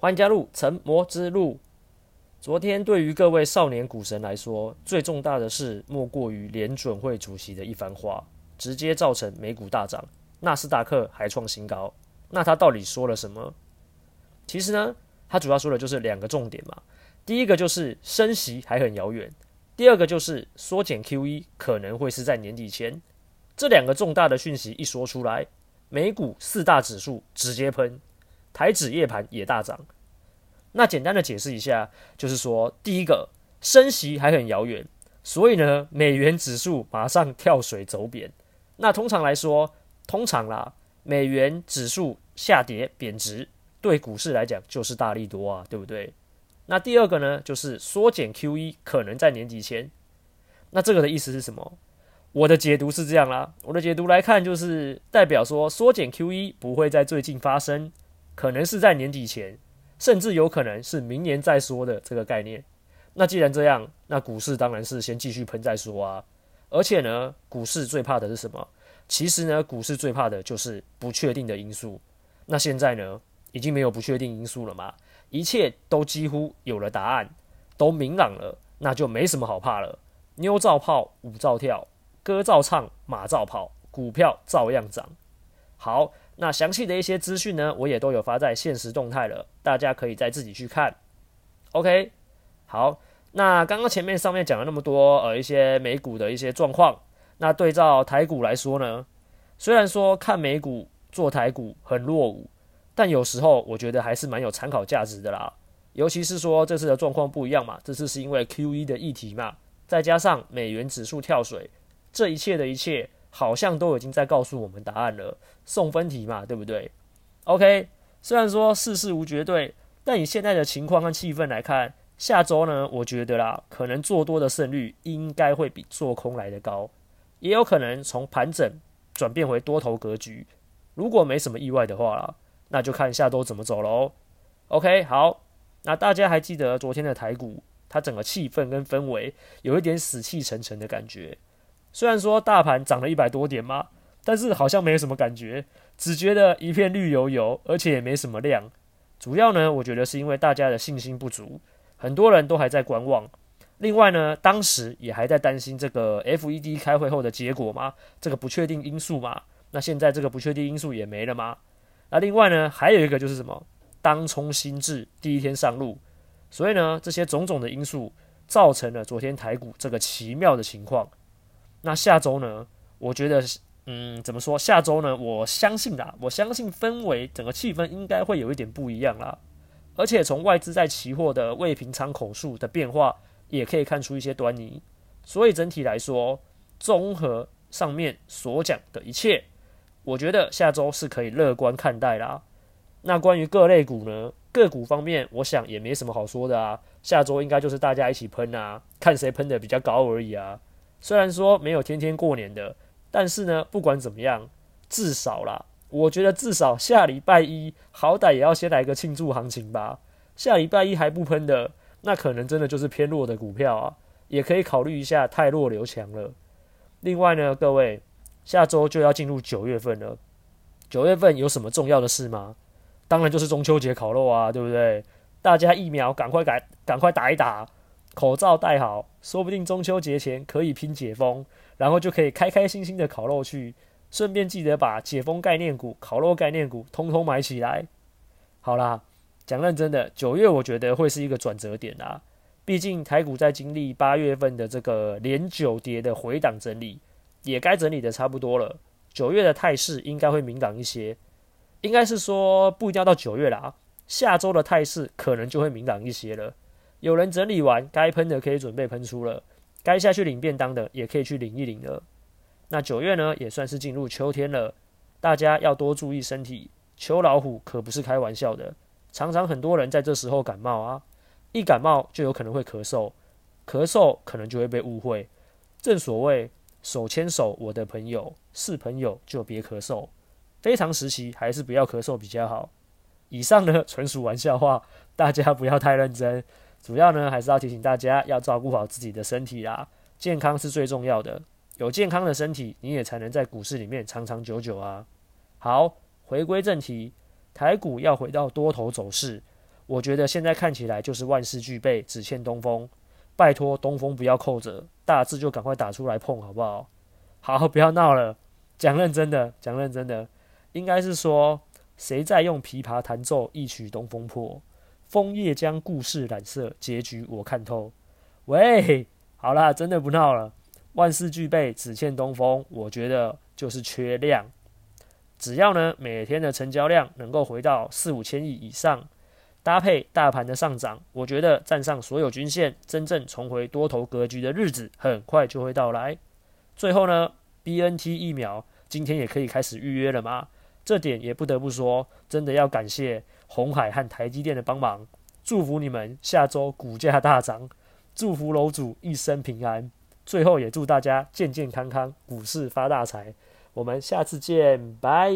歡迎加入成魔之路。昨天對於各位少年股神來說，最重大的事莫過於聯準會主席的一番話，直接造成美股大漲，納斯達克還創新高。那他到底說了什麼？其實呢，他主要說的就是兩個重點嘛。第一個就是升息還很遙遠，第二個就是縮減 QE 可能會是在年底前。這兩個重大的訊息一說出來，美股四大指數直接噴。台指夜盤也大漲，那簡單的解釋一下，就是說，第一個升息還很遙遠，所以呢，美元指數馬上跳水走貶。那通常來說，通常啦，美元指數下跌貶值，對股市來講就是大利多啊，對不對？那第二個呢，就是縮減 QE 可能在年底前。那這個的意思是什麽？我的解讀是這樣啦，我的解讀來看，就是代表說，縮減 QE 不會在最近發生。可能是在年底前，甚至有可能是明年再說的這個概念。那既然這樣，那股市當然是先繼續噴再說啊。而且呢，股市最怕的是什麼？其實呢，股市最怕的就是不確定的因素。那現在呢，已經沒有不確定因素了嘛，一切都幾乎有了答案，都明朗了，那就沒什麼好怕了。妞照泡，舞照跳，歌照唱，馬照跑，股票照樣漲。好。那詳細的一些資訊呢，我也都有發在現實動態了，大家可以再自己去看。OK，好，那剛剛前面上面講了那麼多，呃，一些美股的一些狀況，那對照台股來說呢，雖然說看美股做台股很落伍，但有時候我覺得還是蠻有參考價值的啦，尤其是說這次的狀況不一樣嘛，這次是因為 QE 的議題嘛，再加上美元指數跳水，這一切的一切。好像都已經在告訴我們答案了，送分題嘛，對不對？OK，雖然說世事無絕對，但以現在的情況跟氣氛來看，下周呢，我覺得啦，可能做多的勝率應該會比做空來得高，也有可能從盤整轉變回多頭格局。如果沒什麼意外的話啦，那就看下周怎麼走咯。OK，好，那大家還記得昨天的台股，它整個氣氛跟氛圍有一點死氣沉沉的感覺。雖然說大盤漲了一百多點嘛，但是好像沒有什麼感覺，只覺得一片綠油油，而且也沒什麼量。主要呢，我覺得是因為大家的信心不足，很多人都還在觀望。另外呢，當時也還在擔心這個 FED 開會後的結果嘛，這個不確定因素嘛。那現在這個不確定因素也沒了嘛。那另外呢，還有一個就是什麼？當沖新制第一天上路，所以呢，這些種種的因素造成了昨天台股這個奇妙的情況。那下週呢？我覺得，嗯，怎麼說？下週呢？我相信啦，我相信氛圍整個氣氛應該會有一點不一樣啦。而且從外資在期貨的未平倉口數的變化，也可以看出一些端倪。所以整體來說，綜合上面所講的一切，我覺得下週是可以樂觀看待啦。那關於各類股呢？個股方面，我想也沒什麼好說的啊。下週應該就是大家一起噴啊，看誰噴的比較高而已啊。雖然說沒有天天過年的，但是呢，不管怎麼樣，至少啦，我覺得至少下禮拜一好歹也要先來個慶祝行情吧。下禮拜一還不噴的，那可能真的就是偏弱的股票啊，也可以考慮一下汰弱留強了。另外呢，各位下周就要進入九月份了，九月份有什麼重要的事嗎？當然就是中秋節烤肉啊，對不對？大家疫苗趕快趕趕快打一打。口罩戴好，說不定中秋節前可以拼解封，然後就可以開開心心的烤肉去。順便記得把解封概念股、烤肉概念股通通買起來。好啦，講認真的，九月我覺得會是一個轉折點啦。畢竟台股在經歷八月份的這個連九跌的回檔整理，也該整理的差不多了。九月的態勢應該會明朗一些，應該是說不一定要到九月啦。下周的態勢可能就會明朗一些了。有人整理完，該噴的可以準備噴出了，該下去領便當的也可以去領一領了。那九月呢，也算是進入秋天了，大家要多注意身體。秋老虎可不是開玩笑的，常常很多人在這時候感冒啊，一感冒就有可能會咳嗽，咳嗽可能就會被誤會。正所謂手牽手，我的朋友是朋友就別咳嗽，非常時期還是不要咳嗽比較好。以上呢，純屬玩笑話，大家不要太認真。主要呢，還是要提醒大家要照顧好自己的身體啦，健康是最重要的。有健康的身體，你也才能在股市裡面長長久久啊。好，回歸正題，台股要回到多頭走勢，我覺得現在看起來就是萬事俱備，只欠東風。拜託東風不要扣着，大字就趕快打出來碰好不好？好，不要鬧了，講認真的，講認真的，應該是說誰在用琵琶彈奏一曲《東風破》？楓葉將故事染色，結局我看透。喂，好啦，真的不鬧了。萬事俱備，只欠東風。我覺得就是缺量。只要呢，每天的成交量能夠回到四五千億以上，搭配大盤的上漲，我覺得站上所有均線，真正重回多頭格局的日子很快就會到來。最後呢，BNT 疫苗今天也可以開始預約了嗎？這點也不得不說，真的要感謝鴻海和台積電的幫忙。祝福你們下周股價大漲，祝福樓主一生平安。最後也祝大家健健康康，股市發大財。我們下次見，拜。